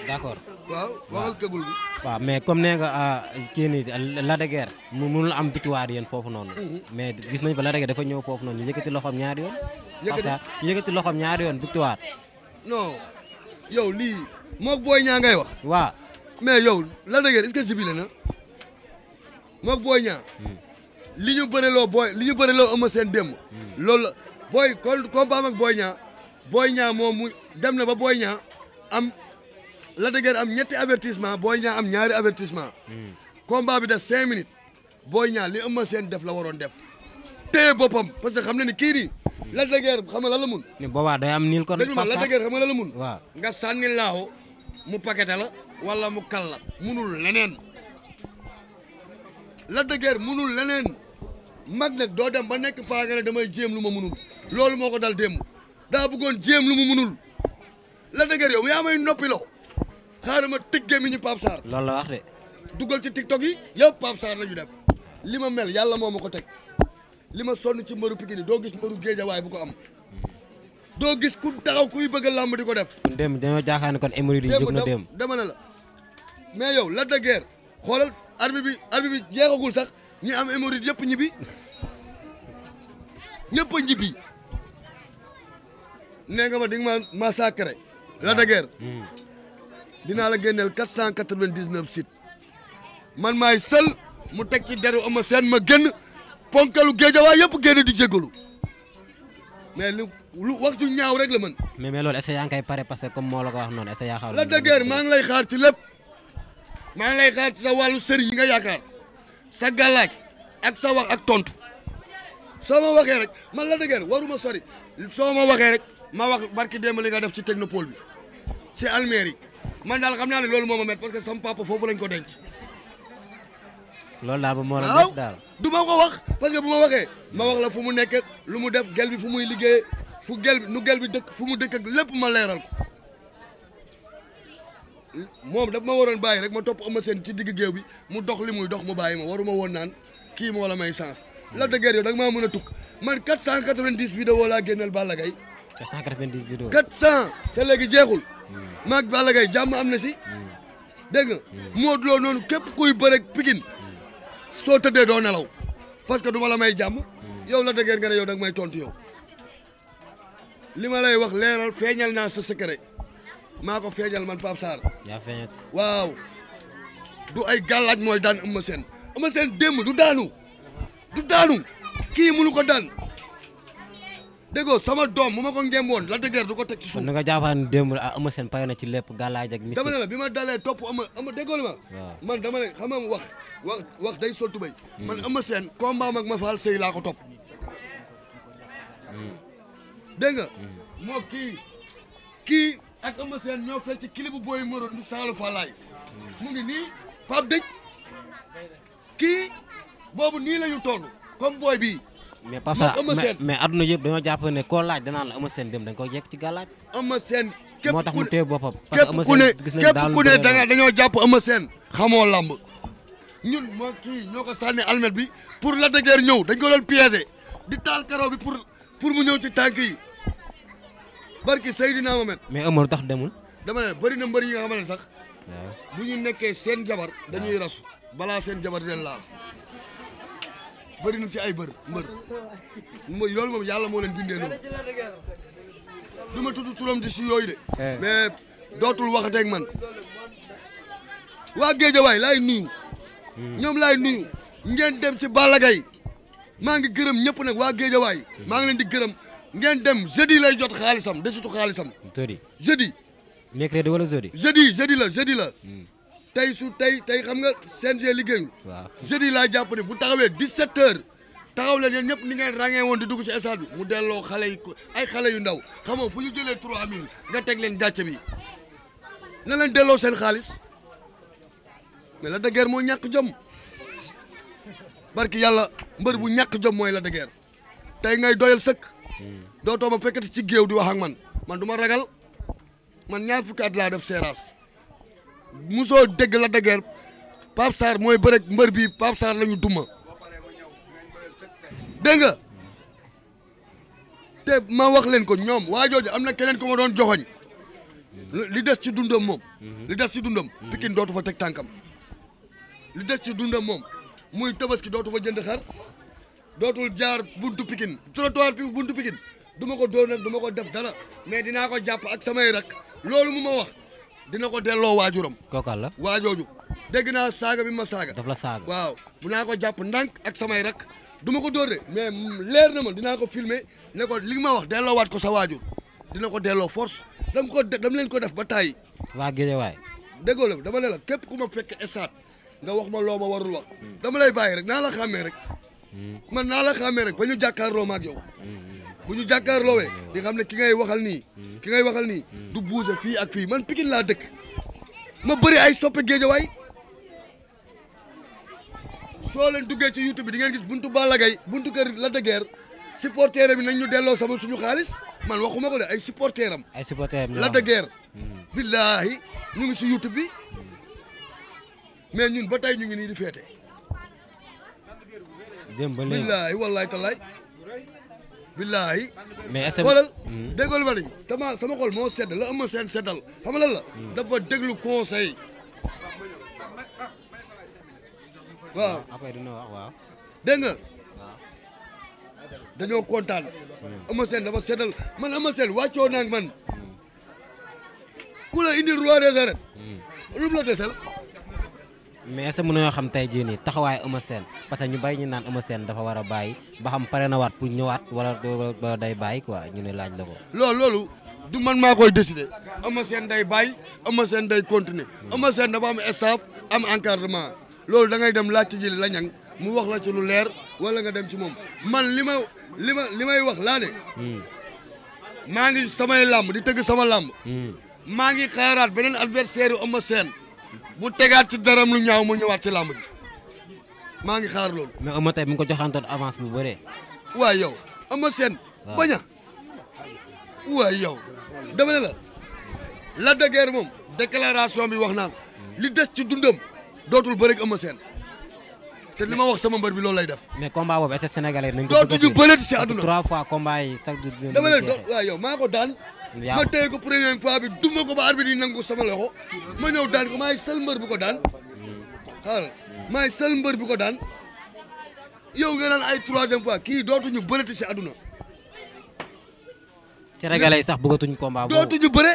S1: d'accord. waaw waxal kagul bi. waaw mais comme nee nga a ah, nii Lac de Guiers mu mënul am victoire yéen foofu noonu. Mhm. mais gis nañ fa Lac de Guiers dafa ñëw foofu noonu ñu yëkkati loxoom ñaari yoon. yëkkati xam ñaari yoon victoire. non yow lii moog booy ñaa ngay wax. waaw mais yow
S2: Lac de Guiers est-ce que jibile na moog booy ñaa. Hmm. li ñu bëreloo booy li ñu bëreloo ëmb seen démb. Hmm. loolu la booy kon combat ak booy ñaa booy ñaa moo mu dem na ba booy ñaa Lac de am ñetti avertissement Boy Niang am ñaari avertissement combat bi def cinq minutes Boy Niang li Eumeu Sène def la waroon def téye boppam parce que xam na ni kii la Lac de Guiers xam nga lan la mun ni boobaa day am niil kon déglu ma Lac de Guiers xam nga lan la mun waaw nga sànni laaw mu paqueté la wala mu kal la munul leneen Lac de Guiers munul leneen mag nag doo dem ba nekk paa nga damay jéem lu ma munul loolu moo ko dal démb daa bëggoon jéem lu mu munul la de Guiers yaa may noppiloo xaaral ma gémmi gémmiñu Pape Sarr. loolu la wax de. dugal ci TikTok yi yëpp Pape Sarr la ñu dem li ma mel yàlla moo ma ko teg li ma sonn ci mbëru Pikine doo gis mbëru waay bu ko am doo gis ku taxaw kuy bëgg làmb di ko def.
S1: kon démb dañoo jaaxaan ne kon émeri yi jóg na démb
S2: dama la mais yow la de guerre xoolal bi arbitre bi sax ñi am émeri yëpp ñibbi ñëpp a ñibbi nee nga ma di nga ma la de dinaa la génneel quatre cent quatre-vingt-dix-neuf man maay sël mu teg ci deru Eumeu Sène ma génn ponkalu géejawaay yëpp génn di jégalu mais lu lu wax ju ñaaw rek la man
S1: mais mais loolu est pare parce que comme moo la ko wax noonu maa ngi lay
S2: xaar ci lépp maa ngi lay xaar ci sa wàllu sër yi nga yaakaar sa galaaj ak sa wax ak tontu soo ma waxee rek man la dëggeer waruma sori soo ma waxee rek ma wax barki démb li nga def ci technopole bi ci almeri man daal xam naa ne loolu moo ma met parce que sama papa foofu lañ ko denc.
S1: loolu daal ba moo la daal
S2: du ma ko wax parce que bu ma waxee ma wax la fu mu nekk lu mu def gel bi fu muy liggéeyee fu gel nu gel bi dëkk fu mu dëkk ak lépp ma leeral ko moom daf ma waroon bàyyi rek ma topp ma seen ci digg géew bi mu dox li muy dox mu bàyyi ma waruma woon naan kii moo la may chance. la dëgër yow da maa mën a tukk man 490 vidéo laa génneel Balla Gaye.
S1: 490 vidéo
S2: 400 te léegi jeexul. Mm. maag Balla Gaye jàmm am na si mm. dégg nga mm. Modou Lo noonu képp kuy bëre Pikine soo tëddee doo nelaw parce que du ma may jàmm yow la dëgër nga ne yow da may tontu yow li ma lay wax leeral feeñal naa sa secret maa ko feeñal man Pape Sarr waaw du ay gàllaaj mooy daan Eumeu Sène Eumeu Sène démb du daanu du daanu kii mënu ko daan déggoo sama doom mu ma ko ngéem la dëgër du ko teg ci soon
S1: na nga jàpp ne démb ah na ci lépp gàllaaj ak. mystique dama
S2: bi ma dalee topp ama ama déggoo ma. man dama ne xam nga wax wax wax day sol tubéy. Hmm. man Eumeu Sène combat ak ma faal sëy laa ko topp. Hmm. dégg nga. Hmm. moo kii kii ak Eumeu Sène ñoo fekk ci kilibu booy moroon bi Saalum Falaay. mu ngi nii Pape Dëj kii boobu nii la ñu toll comme booy bii.
S1: mais Pape Sarr mais adduna yëpp dañoo jàpp ne koo laaj danaan la Eumeu Sène dem dañ ko yekk ci gàllaaj Eumeu Sène képp moo tax mu téye boppam képp ku ne képp ku ne danga
S2: dañoo jàpp Eumeu Sène xamoo lamb hmm. ñun moo kii ñoo ko sànnee almet bi pour la de ñëw dañ ko doon piéger di taal karaw bi pour pour mu ñëw ci tànk yi barki Seydina Mohamed mais
S1: Eumeu lu tax demul
S2: dama ne bëri na mbër yi nga xamante ne sax bu ñu nekkee seen jabar dañuy rasu balaa seen jabar di leen laal bëri nañ ci ay bër mbër mooy loolu moom yàlla moo leen bindee noonu du ma tudd turam si yooyu de. Eh. mais dootul waxateeg man waa waay laay nuyu. Hmm. ñoom laay nuyu ngeen dem ci Balla maa ngi gërëm ñëpp nag waa Géejawaay hmm. maa ngi leen di gërëm ngeen dem jeudi lay jot xaalisam desitu xaalisam. jeudi.
S1: mercredi wala jeudi.
S2: jeudi jeudi la la. Hmm. tey su tey tey xam nga CNG liggéeyul. waaw jeudi laa jàpp ne bu taxawee 17 heures taxaw leen yéen ñëpp ni ngeen ràññee woon di dugg ci stade bi mu delloo xale yi ay xale yu ndaw xam nga fu ñu jëlee 3000 nga teg leen gàcce bi na leen delloo seen xaalis mais la de Guiers moo ñàkk jom barki yàlla mbër bu ñàkk jom mooy la de Guiers tey ngay doyal sëkk hmm. dootoo ma fekkati ci géew di wax ak man man du ma ragal man ñaar fukki at laa def séeraas. musoo dégg la dëgër Pape Sarr mooy bëreeg mbër bi Pape Sarr la ñu duma dégg nga te ma wax leen ko ñoom waa jooju am na keneen ko ma doon joxoñ li des ci dundam moom li des ci dundam Pikine dootu fa teg tànkam li des ci dundam moom muy tabaski dootu fa jënd xar dootul jaar buntu Pikine trottoir bi buntu Pikine du ko dóor nag ko def dala mais dinaa ko jàpp ak samay rak loolu mu ma wax dina ko delloo waajuram. kookal la waajooju dégg naa saaga bi ma saaga. daf la saaga waaw mun naa ko jàpp ndànk ak samay rak du ma ko dóor de mais leer na ma dinaa ko filmer ne ko li ma wax delloo waat ko sa waajur dina ko delloo force dam ko dam leen ko def ba tàyyi.
S1: waa Guédiawaye.
S2: déggoo la dama ne la képp ku ma fekk estaat nga wax ma loo ma warul wax. dama lay bàyyi rek naa la xàmmee rek. Hmm. man naa la xàmmee rek ba ñu jàkkaarloo ma ak yow. Hmm. bu ñu jàkkaarloowee di xam ne ki ngay waxal nii ki ngay waxal nii du bouger fii ak fii man pikin laa dëkk ma bari ay soppe géejawaay soo leen duggee ci YouTube bi di ngeen gis buntu Balla Gaye buntu kër Lac de Guiers supporter am nañ ñu delloo sama suñu xaalis man waxuma ko de ay supporter am.
S1: ay supporter am Lac de
S2: Guiers. Hmm. billaahi ñu ngi si YouTube bi ñun ba tey ñu ngi nii di féete.
S1: dem ba léegi billaahi
S2: wallaahi talaay. billaay. mais SM xoolal hmm. déggoo ma sama xol moo sedd la ama seen seddal xam nga lan hmm. déglu conseil. waaw hmm, dañoo kontaan. ama seen dafa seddal man ama seen wàccoo man.
S1: ku indi roi des arènes. lu mu mais est-ce que mën nañoo xam tey jii nii taxawaay Eumeu Sène ñu bàyyi ñu naan Eumeu dafa war a bàyyi ba xam pare na waat pour ñëwaat wala wala day bàyyi quoi ñu ne laaj la ko. loolu loolu du man maa
S2: koy décider Eumeu Sène day bàyyi Eumeu Sène day continuer Eumeu Sène dafa am staff am encadrement loolu da dem laajte ji la mu wax la ci lu leer wala nga dem ci moom man li ma li ma li may wax laa ne. Hmm. maa ngi samay làmb di tëgg sama làmb. Hmm. maa ngi xaaraat beneen adversaire bu tegaat ci daram lu ñaaw mu ñëwaat ci làmb ji maa ngi xaar loolu.
S1: mais Eumeu tey mu ngi ko joxantoon avance bu bëree.
S2: waay yow Eumeu Sène. waaw bañ a waay yow dama ne la Lac de Guiers moom déclaration bi wax naan li des ci dundam
S1: dootul bëre ak Eumeu Sène te li ma wax sama mbër bi loolu lay def. mais combat boobu est-ce que sénégalais nañ ko. dootuñu bëreet si àdduna trois fois combat yi sax du. dama ne
S2: waaw yow maa ko daan. ma téye ko première fois bi duma ko ba arbitre yi nangu sama loxo ma ñëw daan ko maay sel mbër bu ko daan xaaral maay sel mbër bu ko daan yow nga naan ay troisième fois kii dootu bërati si sax
S1: bëggatuñu combat boobu dootuñu
S2: bëre.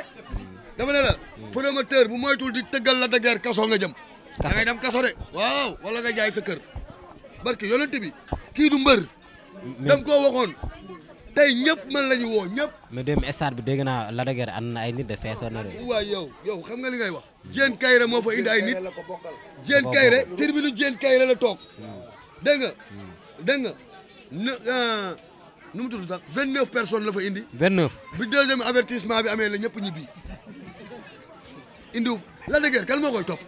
S2: dama ne la promoteur bu moytul di tëggal la dageer kaso nga jëm. da ngay dem kaso de waaw wala nga jaay sa kër barki yonent bi kii du mbër.
S1: dem koo waxoon tey ñëpp man lañu woo ñëpp. mais dem stade bi dégg naa la dëgër am na ay nit de feesoon waa de.
S2: waaw yow yow xam nga li ngay wax. Diène kayre moo fa indi ay nit
S1: Diène Kaïré tribune
S2: Diène Kaïré la toog dégg nga dégg nga na euh, nu mu tudd sax vingt neuf personnes la fa indi. vingt neuf bi deuxième avertissement bi amee la ñëpp ñibbi indiw la kan moo koy topp.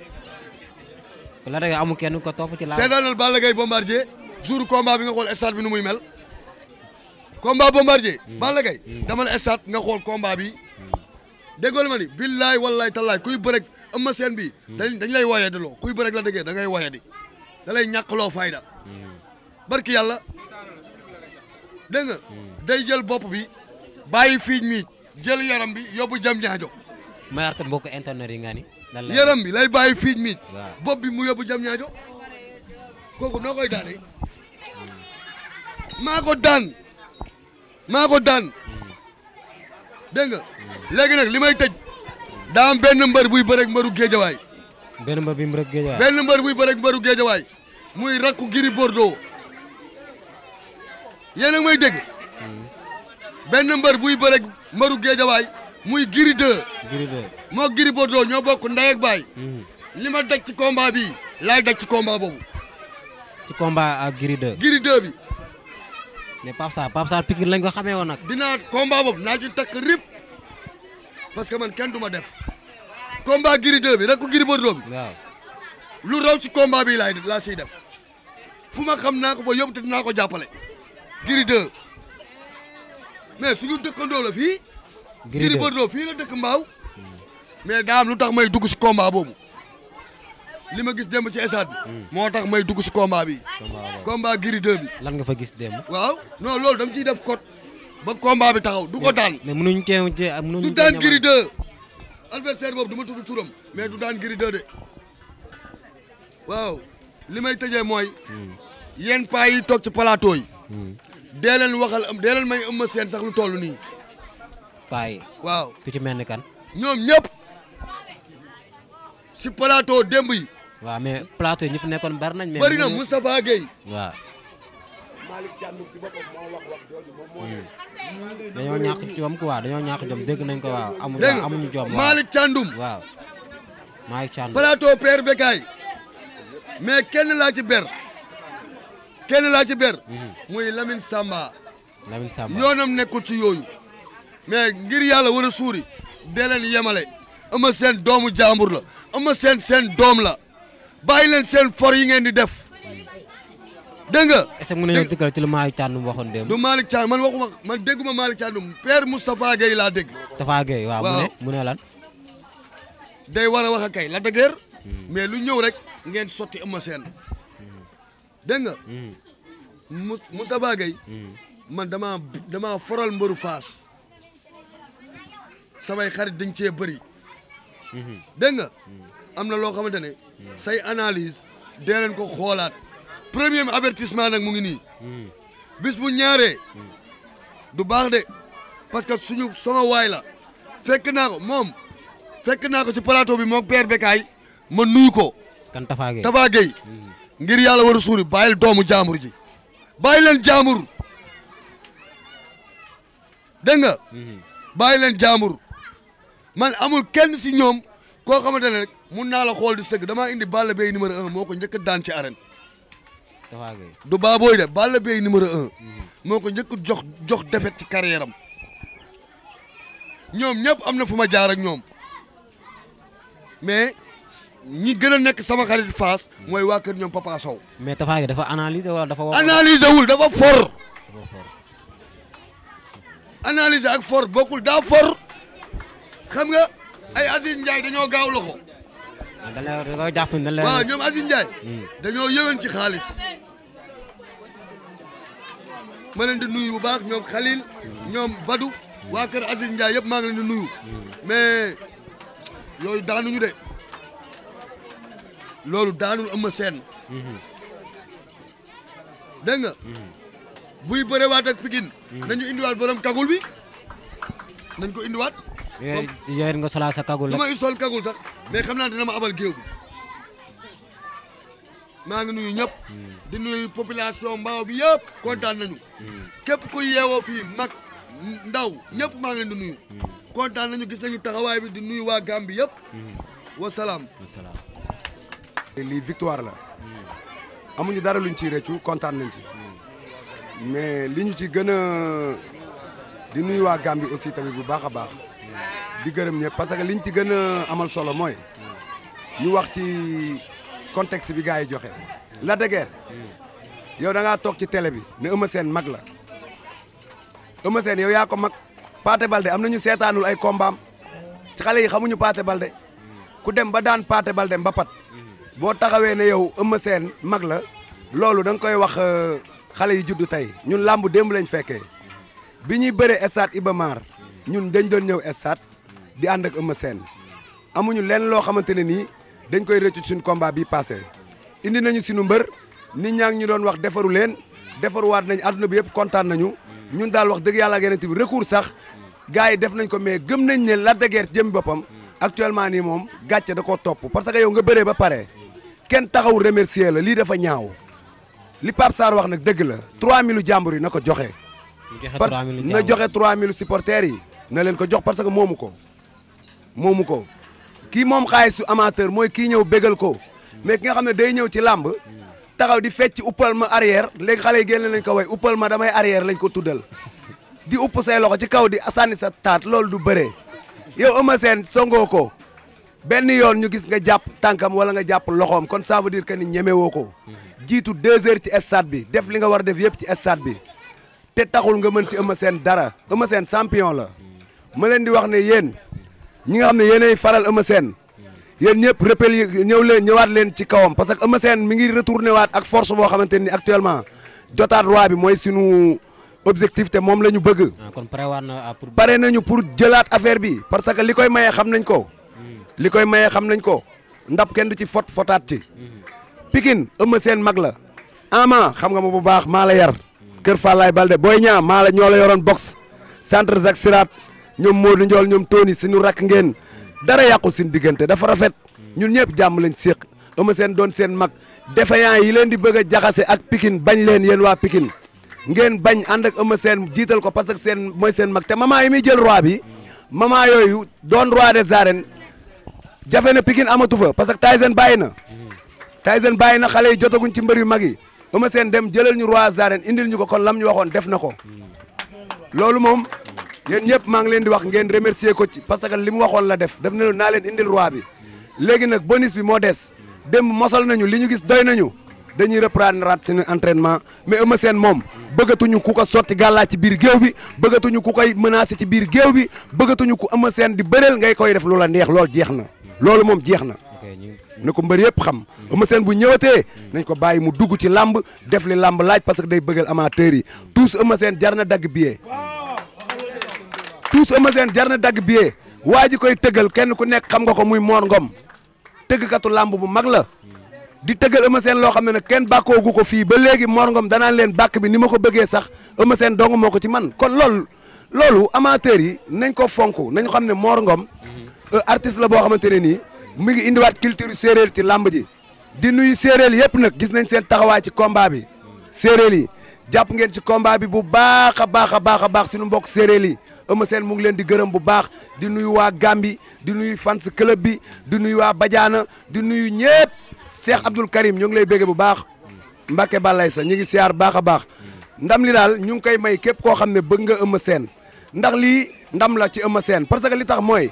S1: la dëgër amul kenn ko topp ci laa. seetaanal
S2: Balla Gaye Bombardier jour combat bi nga xool stade bi nu muy mel. combat bombardier. Hmm. Balla Gaye dama la estat nga xool combat bi déggoolu ma ni billaay wallaay tallaay kuy bëreg ëmma seen bi hmm. dañ dañ lay wooyee di loo kuy bëreg la déggee da ngay wooyee di da lay ñàkkloo fayda hmm. barki yàlla dégg nga day jël bopp bi bàyyi fiiñ mi jël yaram bi yóbbu
S1: jam ñaajo mbokk internet yi nga yaram bi lay bàyyi fiiñ mi bopp
S2: bi mu yóbbu jam ñaajo kooku noo koy daane maa ko daan maa ko daan dégg nga léegi nag li may tëj daam benn mbër buy bëreeg mbëru géejawaay.
S1: benn mbër buy bëreeg géejawaay benn
S2: mbër buy bëreeg mbëru géejawaay muy rakku Gris Bordeaux yéen a may dégg benn mbër buy bëreeg mbëru géejawaay muy giri 2. Gris 2 moo Gris Bordeaux ñoo bokk ndey ak baay. Hmm. li ma daj ci combat bii
S1: laay ci combat boobu. ci combat ak Gris 2. Gris 2 mais Pape Sarr Pape Sarr Pikine lañ ko xamee woon nag. dinaa combat boobu naa ci takk rip
S2: parce que man kenn duma def combat Gris 2 bi rek ko Gris Bordeaux bi. waaw lu raw ci combat bi laay laa siy def fu ma xam naa ko ba yóbbu te naa ko jàppale. giri 2 mais suñu dëkkandoo la fii. Gris 2 Gris Bordeaux fii la dëkk Mbaaw. mais daa am lu tax may dugg si combat boobu. li ma gis démb ci stade bi. moo tax may dugg si kombaa bi. kombaa Gris bi.
S1: lan nga fa gis démb.
S2: waaw non loolu dama ciy def code ba combat bi taxaw du ko daan. mais mënuñ cee mënuñ du daan Gris 2. adversaire boobu du tudd turam. mais du daan Gris de waaw li may tëjee mooy. yéen paa yi toog ci plateau yi. dee leen waxal am may ëmma seen sax lu toll nii. paa waaw ku ci mel ni kan. ñoom ñëpp si plateau démb yi.
S1: waaw mais plateau yi fi nekkoon bari nañ. mais bari na Moustapha Gueye. waaw.
S4: dañoo ñàkk jom
S1: quoi nañ ko waaw. amuñu waaw amuñu jom waaw Malick Thiandoum. waaw Malick Thiandoum.
S2: kenn laa ci ber. kenn laa ci ber. Hmm. muy Lamine Samba. Lamine Samba yoonam nekkul ci yooyu. mais ngir yàlla war a suuri. dee leen yemale. ama seen doomu jàmbur la. ama seen seen doom la. bàyyi leen seen for yi ngeen di def dégg nga. est ce que mën nañoo
S1: ci lu Malick Thiandoum waxoon du Malick
S2: Thiandoum man waxuma man dégguma Malick Thiandoum père Moustapha Gueye laa dégg. Moustapha Gueye waaw mu ne mu day war a wax a kay la dëgër. Hmm. mais lu ñëw rek ngeen sotti am hmm. seen. dégg nga. mu hmm. man damaa foral mbëru faas samay xarit dañ cee bëri. dégg am na loo xamante ne. say analyse dee leen ko xoolaat premier avertissement nag mu ngi nii bis bu ñaaree du baax de parce que suñu sama waay la fekk naa ko moom fekk naa ko ci plateau bi moo père Bekaay ma nuyu ko.
S1: kan Tafa
S2: Gueye ngir yàlla war a suuri bàyyil doomu jaamur ji bàyyi leen jaamur dégg nga. Mhm. bàyyi leen jaamur man amul kenn si ñoom koo xamante ne rek. mun naa la xool di sëgg damaa indi Balla Gaye numéro moo ko njëkk daan ci arène du baabooy de Balla Gaye numéro un mhm. moo ko njëkk jox jox défaite ci carrière ñoom ñëpp am na fu ma jaar ak ñoom mais ñi gën a nekk sama xarit Fass mooy waa kër ñoom Papa Sow.
S1: mais Tapha dafa analyser wala dafa. analyser
S2: wul dafa for. ak for bokkul daa for xam nga ay Aziz Ndiaye dañoo gaaw la
S1: waaw ñoom Aziz njaay hmm.
S2: dañoo yëwen ci xaalis. ma leen di nuyu bu baax ñoom Khalil. ñoom Badou. waa kër Aziz Ndiaye yëpp maa ngi leen di nuyu. mais yooyu daanuñu de loolu daanul am hmm. seen. dégg nga. Hmm. buy bërewaat ak Pikine. nañu indiwaat borom kagul bi nañ ko indiwaat. Eh,
S1: yéen nga solaa sa kagul la. lu may
S2: sol kagul sax mais xam naa dina ma abal géew bi maa ngi nuyu ñëpp. Hmm. di nuyu population mbaaw bi yëpp hmm. kontaan nañu. Hmm. képp ku yeewoo fii mag ndaw ñëpp maa ngi nuyu. kontaan nañu gis nañu
S4: taxawaay bi di nuyu waa bi yëpp. wasalaam. wasalaam. lii victoire la. amuñu dara luñ ciy rëccu kontaan nañ ci. mais li ñu ci gën a di nuyu waa bi aussi tamit bu baax a baax. di gërëm ñëpp parce que liñ ci gën a amal solo mooy ñu wax ci contexte bi gars yi joxe. Lac de Guiers yow da ngaa toog ci télé bi ne Eumeu mag la Eumeu Sène yow yaa ko mag Pathé Baldé am nañu seetaanul ay kombaam ci xale yi xamuñu Pathé Baldé ku dem ba daan Pathé Baldé mbapat boo taxawee ne yow Eumeu mag la loolu da nga koy wax euh, xale yi juddu tey ñun làmb démb lañ fekkee bi ñuy bëre stade Iba Mar ñun dañ doon ñëw stade di ànd ak Eumeu amuñu lenn loo xamante ne nii dañ koy rëccu suñu combat bi passé indi nañu suñu mbër ni ñaa ngi ñu doon wax defaru leen defaruwaat nañ àdduna bi yëpp kontaan nañu ñun daal wax dëgg yàlla ak yeneen bi recours sax gars yi def nañ ko mais gëm nañ ne la de Guiers jëm boppam actuellement nii moom gàcce da koo topp parce que yow nga bëree ba pare kenn taxaw remercier la lii dafa ñaaw li Pape Sarr wax nag dëgg la 3000 jàmbur yi na ko joxe. na joxe 3000 supporters yi. na leen ko jox parce que moomu ko moomu ko kii moom xaalisu amateur mooy kii ñëw bégal ko mais ki nga xam ne day ñëw ci làmb taxaw di fecc uppal ma arrière léegi xale yi génne lañ ko way uppal ma damay arrière lañ ko tuddal di upp say loxo ci kaw di sànni sa taat loolu du bëre yow Eumeu Sène songoo ko benn yoon ñu gis nga jàpp tànkam wala nga jàpp loxoom kon ça veut dire que ni ñemewoo ko jiitu deux heures ci stade bi def li nga war a def yëpp ci stade bi te taxul nga mën ci Eumeu Sène dara Eumeu Sène champion la ma leen di wax ne yéen ñi nga xam ne yéenay faral Eumeu seen yéen ñëpp rappel ñëw leen ñëwaat leen ci kawam parce que Eumeu Sène mi ngi retourné waat ak force boo xamante ni actuellement jotaat roi bi mooy sunu objectif te moom la ñu bëgg. Ah,
S1: kon prévoir na ah, pour.
S4: pare nañu pour jëlaat affaire bi parce que li koy maye xam nañ ko. Hmm. li koy maye xam nañ ko ndap kenn du ci fot fotaat ci. Hmm. Pikine Eumeu seen mag la. Ama xam nga ma bu baax maa la yar. Hmm. Kër Fallaye Balde booy ñaa maa la ñoo la yoroon box centre Zac Sirat. ñoom Modou Ndiol ñoom Tony suñu rakk ngeen dara yàqul suñu diggante dafa rafet ñun ñëpp jàmm lañ séq ama seen doon seen mag défaillant yi leen di bëgg a jaxase ak pikin bañ leen yéen waa pikin ngeen bañ ànd ak ama seen jiital ko parce que seen mooy seen mag te maman yi muy jël roi bi maman yooyu doon roi des arènes jafe na Pikine amatu fa parce que Tyson bàyyi na Tyson bàyyi na xale yi jotaguñ ci mbër yu mag yi ama seen dem jëlal ñu roi des arènes indil ñu ko kon lam ñu waxoon def na ko yéen ñëpp maa ngi leen di wax ngeen remercier ko ci parce que li mu waxoon la def def na naa leen indil roi bi léegi nag bonus bi moo des démb mosal nañu li ñu gis doy nañu dañuy reprendre rat suñu entrainement mais Eumeu Sène moom bëggatuñu ku ko sotti gàllaa ci biir géew bi bëggatuñu ku koy menacer ci biir géew bi bëggatuñu ku Eumeu Sène di bëreel ngay koy def loola neex lool jeex na loolu moom jeex na na ko mbër yëpp xam Eumeu Sène bu ñëwatee nañ ko bàyyi mu dugg ci làmb def li làmb laaj parce que day bëggal amateurs yi tous Eumeu Sène jar na dagg billet tous Eumeu Sène jar na dagg billet waa ji koy tëggal kenn ku nekk xam nga ko muy Mor Ngom tëggkatu làmb bu mag la di tëggal Eumeu seen loo xam ne nag kenn bàkkoogu ko fii ba léegi Mor Ngom danaan leen bàkk bi ni ma ko bëggee sax Eumeu Sène dong moo ko ci man ko loolu loolu amateurs yi nañ ko fonk nañ xam ne Mor Ngom euh, artiste la boo xamante ne nii mu ngi indiwaat culture séeréer ci làmb ji di nuyu séeréel yëpp nag gis nañ seen taxawaay ci kombaa bi séeréer yi jàpp ngeen ci combat bi bu baax a baax a baax a baax suñu mbokk séeréer yi Eumeu Sène mu ngi leen di gërëm bu baax di nuyu waa Gambie di nuyu fans club bi di nuyu waa Badiana di nuyu ñëpp Cheikh Abdoul Karim ñoo ngi lay bégge bu baax Mbacke Balaye sa ñu ngi siyaar baax a baax ndam li daal ñu ngi koy may képp koo xam ne bëgg nga Eumeu Sène ndax lii ndam la ci Eumeu Sène parce que li tax mooy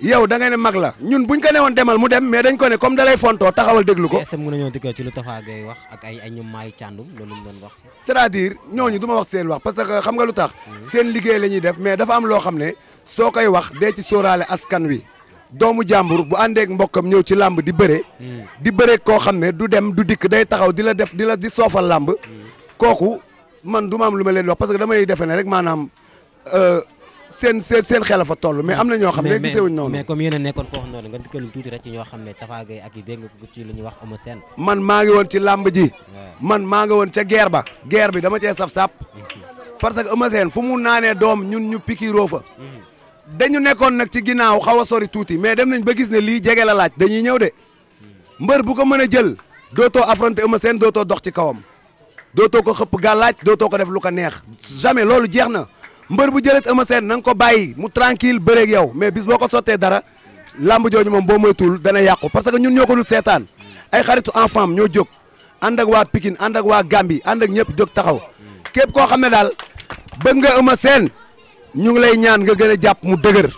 S4: yow da nga ne mag la ñun buñ ko newoon demal mu dem mais dañ ko ne comme dalay fontoo taxawal déglu ko. est-ce que mën
S1: ci lu Tafa Gueye wax ak ay ay ñoom Maay Thiandoum loolu ñu wax.
S4: cest à ñooñu du ma wax seen wax parce que xam nga lu tax. seen liggéey la def mais dafa am loo xam ne soo koy wax dee ci sóoraale askan wi. doomu jàmbur bu àndeek mbokkam ñëw ci làmb di bëre. Hmm. di bëre koo xam ne du dem du dikk day taxaw di la def di la di soofal làmb. Hmm. kooku man du ma am lu ma leen wax parce que damay defe ne rek maanaam. Euh, seen seen seen xel fa toll mais am na ñoo xam ne gisee wuñ
S1: a nekkoon foofu noonu nga dikkaluñ tuuti rek ci ñoo xam ne Tapha Gueye ak nga ko ci lu ñuy wax ama seen
S4: man maa ngi woon ci làmb ji man maa ngi ca guerre ba guerre bi dama cee saf sap mhm. parce que ama seen fu mu naanee doom ñun ñu pikiroo fa mhm. dañu nekkoon nag ci ginnaaw xaw a sori tuuti mais dem nañ ba gis ne lii jege la laaj dañuy ñëw de mhm. mbër bu ko mën a jël dootoo affronté ama seen dootoo dox ci kawam dootoo ko xëpp gàllaaj dootoo ko def lu ko neex jamais loolu jeex na mbër bu jëlet Eumeu Sène na nga ko bàyyi mu tranquille bëreeg yow mais bis boo ko sottee dara lamb jooju moom boo moytuwul dana yàqu parce que ñun ñoo ko dul seetaan ay xaritu enfant am ñoo jog ànd ak waa pikin ànd ak waa Gambie ànd ak ñëpp jog taxaw képp koo xam ne daal bëgg nga Eumeu Sène ñu ngi lay ñaan nga gën a jàpp mu dëgër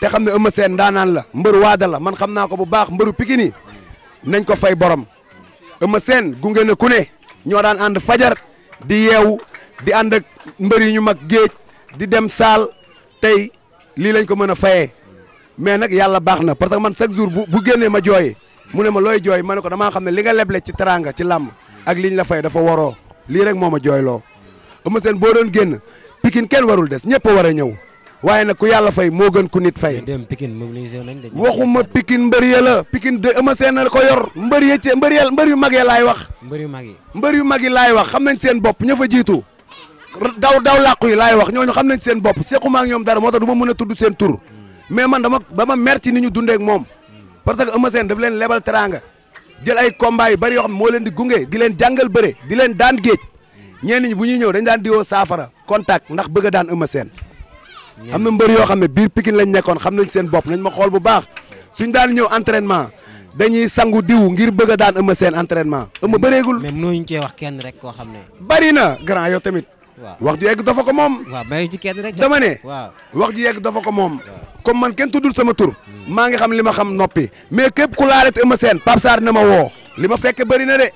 S4: te xam ne Eumeu Sène ndaanaan la mbër waada la man xam naa ko bu baax mbëru Pikine yi nañ ko fay borom Eumeu Sène gunge na ku ne ñoo daan ànd fajar di yeewu di ànd mbër yi ñu mag géej di dem saal tey lii lañ ko mën a fayee mais nag yàlla baax na parce que man chaque jour bu bu génnee ma jooy mu ma looy jooy ma ne ko damaa xam ne li nga leble ci teraanga ci làm ak liñ la fay dafa waroo lii rek moom ma jooyloo Eumeu Sène boo doon génn Pikine kenn warul des ñëpp a war a ñëw waaye nag ku yàlla fay moo gën ku nit fay. waxuma Pikine mbër ya la Pikine de Eumeu Sène na ko yor mbër ya ci mbër ya mbër yu mag ya laay wax. mbër yu mag yi mbër yu mag yi laay wax xam nañ seen bopp ña fa jiitu. daw daw làqu yi laay wax ñooñu xam nañ seen bopp sequma ak ñoom dara moo tax du ma mën a tudd seen tur mais man dama dama mer ci ni ñu dundee moom parce que Eumeu Sène daf leen lebal teraanga jël ay combat yu bari yoo xam moo leen di gunge di leen jàngal bëre di leen daan géej ñenn ñi bu ñu ñëw dañ daan diwoo saafara contact ndax bëgg a daan Eumeu Sène am na mbër yoo xam ne biir pikin lañ nekkoon xam nañ seen bopp nañ ma xool bu baax suñ daan ñëw entrainement dañuy sangu diw ngir bëgg a daan Eumeu Sène entraînement Eumeu bëreegul. mais mënoo ñu cee
S1: wax kenn rek koo xam ne.
S4: bari na grand yow tamit. wax ju yegg dafa ko moom. waaw mayu ci kenn rek. dama ne. waaw wax ju yegg dafa ko moom. comme man kenn tuddul sama tur. Hmm. maa ngi xam li ma xam noppi. mais képp ku laale te Eumeu Sène Pape na ma woo. lima ma fekk na de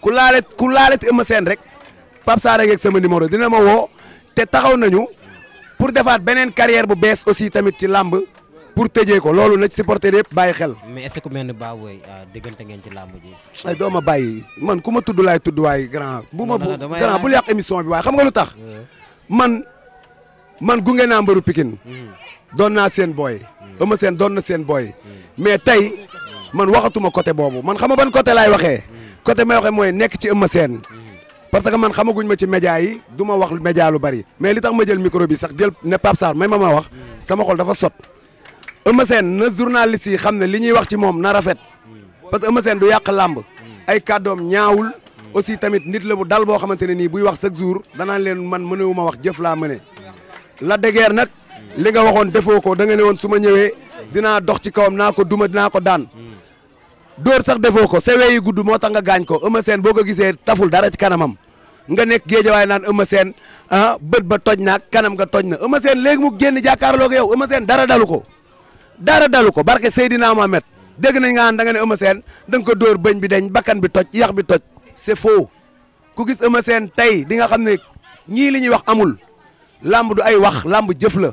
S4: ku laale ku laale te Eumeu Sène rek Pape Sarr rek sama numéro dina ma woo te taxaw nañu pour defaat beneen carrière bu bees aussi tamit ci làmb. pour tëjee ko loolu na ci supporter yëpp bàyyi xel.
S1: mais est-ce que ku mel euh, ngeen ci làmb
S4: ji. ma bàyyi man ku ma tudd laay tudd waay grand. bu ma bu grand bul yàq émission bi waaye xam nga lu tax. Euh. man man gunge naa mbaru Pikine. Hmm. doon naa seen booy. ama hmm. seen doon na seen booy. Hmm. mais tey man waxatuma côté boobu man xam nga ban côté laay waxee. côté may mooy nekk ci ëmma seen. parce que man xamaguñ ma ci média yi du ma wax média lu bari. mais li tax ma jël micro sax jël ne Pape Sarr mais ma ma wax sama xol dafa sot Eumeu Sène na journaliste si xam ne li ñuy wax ci moom na rafet parce que Eumeu Sène du yàq làmb ay kaddoom ñaawul aussi tamit nit la bu dal boo xamante ne nii buy wax chaque jour danaan leen man mënewuma wax jëf laa mëne la degeer nag li nga waxoon defoo ko da nga ne woon su ma ñëwee dinaa dox ci kawam naa ko duma dinaa ko daan dóor sax defoo ko sewee yi gudd moo tax nga gaañ ko Eumeu Sène boo ko gisee taful dara ci kanamam nga nekk géejawaay naan Eumeu Sène ah bët ba toj naag kanam nga toj na Eumeu Sène léegi mu génn jàkkaarloo ak yow Eumeu Sène dara dalu ko dara dalu ko barke Seydina Mohamed dégg nañ nga da nga ne Eumeu Sène da nga ko dóor bëñ bi deñ bakkan bi toj yax bi toj c'est foo ku gis Eumeu Sène tey di nga xam ne ñii li ñuy wax amul lamb du ay wax làmb jëf la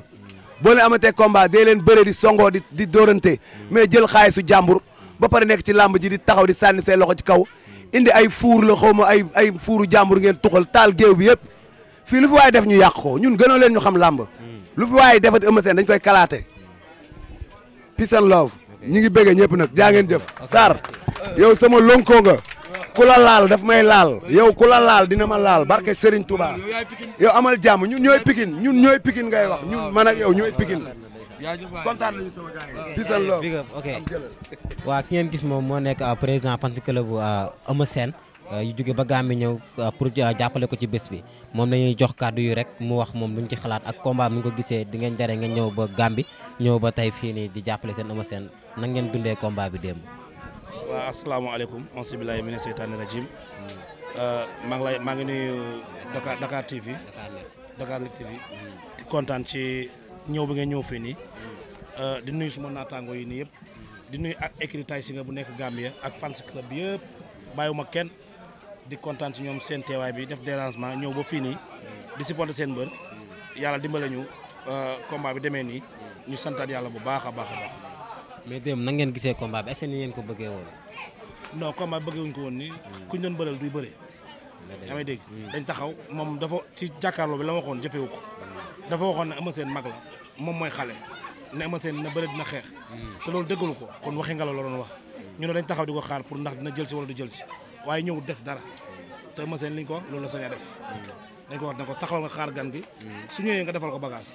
S4: boo leen amatee combat dee leen bëre di songo di di dóorante mais jël xaalisu jàmbur ba pare nekk ci làmb ji di taxaw di sànni see loxo ci kaw indi ay fuur la xaw ma ay ay fuuru jàmbur ngeen tuxal taal géew bi yëpp fii lu fi waaye def ñu yàq ko ñun gënoo leen ñu xam lamb hmm. lu dañ koy kalaate peace and love ñi ngi bëggee ñëpp nag jaa ngeen jëf Sarr yow sama lonko nga laal daf may laal yow ku la laal dina ma laal barke Serigne Touba yow amal jàmm ñun ñooy pikin ñun ñooy pikin ngay wax ñun man ak yow ñooy pikin kontaan nañu sama gars yi peace and love
S1: waa ki ngeen gis moom moo nekk euh, président Fans Club bu euh, Eumeu Sène Euh, yu jóge ba Gàmbi ñëw euh, pour euh, jàppale ko ci bés bi moom lañuy jox kàddu yi rek mu wax moom lu ñu ci xalaat ak combat mi nga ko gisee di jare ngeen ñëw ba Gàmbi ñëw ba tey fii nii di jàppale seen Eumeu seen nan ngeen dundee combat bi démb.
S3: waaw asalaamaaleykum ansi billahi mina seytaani rajim maa ngi lay maa ngi nuyu Dakar Dakar TV. Dakar Live TV. di kontaan ci ñëw bi ngeen ñëw fii nii. di nuyu suma naataango yi nii yëpp. di nuyu ak écrit tay si nga bu nekk Gambia ak fans club bi yëpp bàyyiwuma kenn. di kontaan ci ñoom seen teewaay bi def dérangement ñëw ba fii nii di supporter seen mbër yàlla dimbale ñu euh, combat bi demee nii ñu santaat yàlla bu baax a baax a baax. mais démb
S1: na ngeen gisee combat bi est-ce que ni ngeen ko bëggee woon.
S3: non combat bi bëggewuñ ko woon nii. Hmm. kuñ doon bëral duy bëree. yaa may dégg hmm. dañ taxaw moom dafa ci jàkkaarloo bi la waxoon jëfewu ko. Hmm. dafa waxoon ne Eumeu Sène mag la moom mooy xale ne Eumeu Sène na bëre dina xeex. te loolu dëggalu ko kon waxi ngelaw la doon wax. ñu dañ taxaw di ko pour ndax dina jël si wala du jël si waaye ñëw def dara te Massène li ko loolu la sañ a def mm. dañ ko ne ko taxawal nga xaar gan bi mm. su ñëwee nga defal ko bagage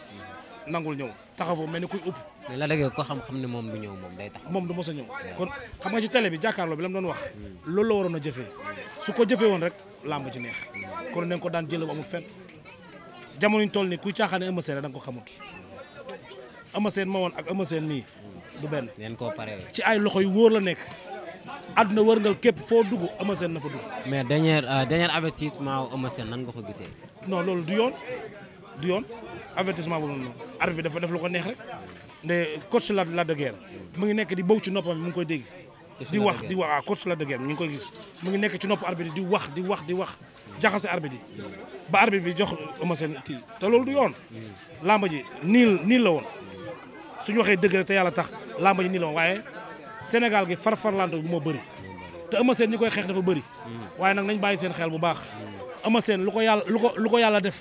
S3: mm. ñëw taxaw foofu mel ni kuy upp la dëgg ko xam-xam ne moom du ñëw moom day taxaw moom du mos a kon xam nga ci télé bi jàkkaarloo bi la mu doon la waroon a su ko jëfee woon rek làmb ci neex kon nañ ko daan jël bu amul fenn jamono ñu toll nii kuy caaxaane Eumeu da nga ko xamut Eumeu Sène ma woon ak Eumeu Sène nii du benn ci ay loxo yu wóor la nekk àdduna wërngal képp foo dugg Eumeu Sène na fa dugg.
S1: mais dernier euh, dernier avertissement Eumeu Sène nan nga ko gisee.
S3: no loolu du yoon du yoon avertissement bu noonu arbitre bi dafa def lu ko neex rek nde coach la la de guerre mu ngi nekk di bëw ci noppam mu ngi koy dégg. di wax di wax ah coach la de guerre ñu ngi koy gis mu ngi nekk ci nopp arbitre di wax di wax di wax jaxase arbitre di ba arbitre bi jox Eumeu Sène te loolu du yoon. lamba ji nii nii la woon suñu waxee dëgg rek te yàlla tax lamba ji nii la woon Sénégal gi farfarlante bi moo bëri te Eumeu Sène ñi koy xeex dafa bëri waaye nag nañ bàyyi seen xel bu baax Eumeu Sène lu ko yàlla lu ko lu ko yàlla def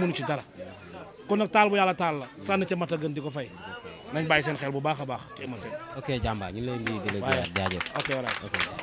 S3: mënu ci dara kon nag taal bu yàlla taal la sànni ca mat a gën di ko fay nañ bàyyi seen xel bu baax a baax te Eumeu Sène
S1: ok jàmbaar ñu ngi leen di di la
S3: jaajëf
S1: ok